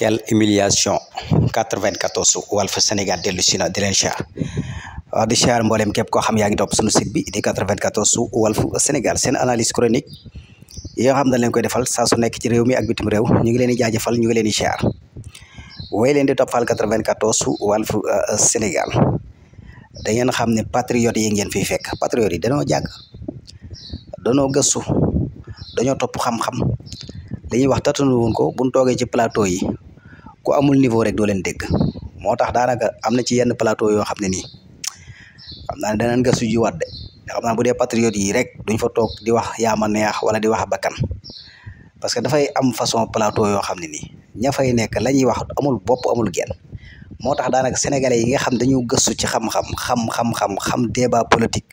quelle humiliation 94 Walf Sénégal dellu si na di leen char waaw di char mboolem képp koo xam yaa ngi topp suñu site bi di 94 Walf Sénégal seen analyse chronique yi xam dañ koy defal saa su nekk ci réew mi ak bitim réew ñu ngi leen di jaajëfal ñu ngi leen di char wooy leen di toppal 94 Walf euh, Sénégal da xam ne patriotes yi ngeen fiy fekk patriotes yi dañoo jàng dañoo gëstu dañoo topp xam-xam li ñuy wax tatanu woon ko buñ toogee ci plateau yi ku amul niveau rek doo leen dégg moo tax daanaka am na ci yenn plateau yoo xam ne nii xam naa ne danañ jiwaat de xam bu dee patriote yii rek duñ fa toog di wax yaa ma neex wala di wax bakkan parce que dafay am façon plateau yoo xam ne nii ña nekk la ñuy wax amul bopp amul geen moo tax daanaka sénégalais yi nga xam dañu gëstu ci xam-xam xam-xam-xam xam débat politique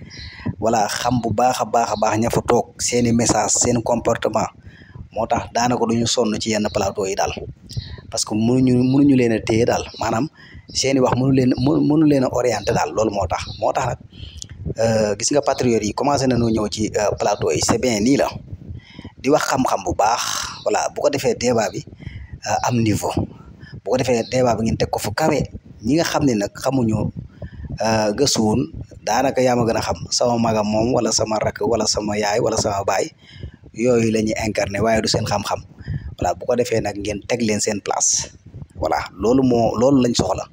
wala xam bu baax a baax a baax ña fa toog seeni message seen comportement moo tax daanaka duñu sonn ci yenn plateau yi daal parce que mënuñu mënuñu leen a téye daal maanaam seeni wax munu leen mënu leen a daal loolu moo tax moo tax nag euh, gis nga patriotes yi commencé nañoo ñëw ci euh, plateau yi c'est nii la di wax xam-xam bu baax voilà bu ko defee débat bi euh, am niveau bu ko defee débat bi ngeen teg ko fu kawe ñi nga xam ne nag xamuñu gëstuwun daanaka yaa ma gën a xam sama magam moom wala sama rak wala sama yaay wala sama baay yooyu la ñuy incarné waaye du seen xam-xam voilà bu ko defee nag ngeen teg leen seen place voilà loolu moo loolu lañ soxla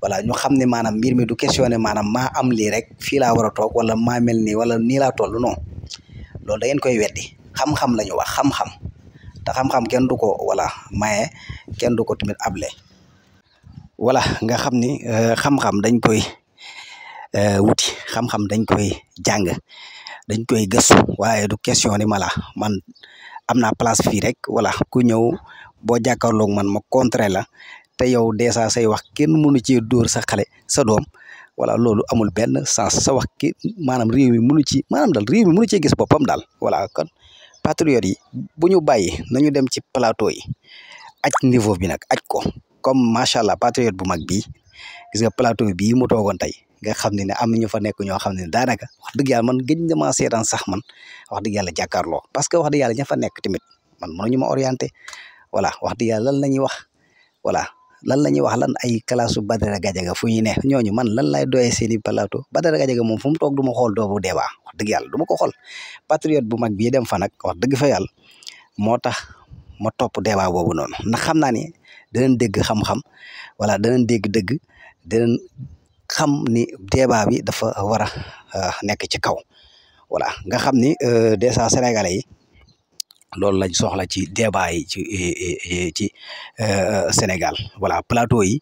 voilà ñu xam ne maanaam mbir mi du questionné maanaam maa am lii rek fii laa war a toog wala maa mel nii wala nii laa toll non loolu da ngeen koy weddi xam-xam lañu wax xam-xam te xam-xam kenn du ko voilà maye kenn du ko tamit able wala nga xam ni euh, xam-xam dañ koy euh, wuti xam-xam dañ koy jàng dañ koy gëstu waaye du questionné mala man am naa place fii rek voilà ku ñëw boo jàkkaarloog man ma contrer la te yow dèjà say wax kenn mënu ci dóor sa xale sa doom voilà loolu amul benn sens sa wax ki maanaam réew mi mënu ci maanaam daal réew mi mënu cee gis boppam daal voilà kon patriotes yi bu ñu bàyyi nañu dem ci plateau yi aj niveau bi nag aj ko comme macha allah patriote bu mag bii gis nga plateau bii mu toogoon tey nga xam ne ne am na ñu fa nekk ñoo xam ne daanaka wax dëgg yàlla man gëj na maa seetaan sax man wax dëgg yàlla jàkkaarloo parce que wax dëgg yàlla ña fa nekk tamit man mënuñu ma orienté voilà wax dëgg yàlla lan la ñuy wax voilà lan la ñuy wax lan ay kalaasu Badara Gajaga fu ñu ne ñooñu man lan lay doyee seen i plateau Badara Gajaga moom fu mu toog du ma xool doobu débat wax dëgg yàlla du ma ko xool patriote bu mag bii dem fa nag wax dëgg fa yàlla moo tax ma topp débat boobu noonu ndax xam naa ne danañ dégg xam-xam voilà dëgg xam ni débat bi dafa war a euh, nekk ci kaw voilà nga xam ni euh, dèjà sénégalais yi loolu lañ soxla ci débat yi ci e, e, e, ci euh, Sénégal voilà plateau yi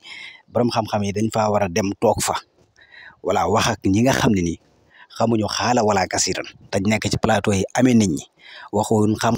borom xam-xam yi dañ fa war a dem toog fa voilà waxak ñi nga xam ne ni xamuñu xaala wala kasiran dañ nekk ci plateau yi amee nit ñi xam.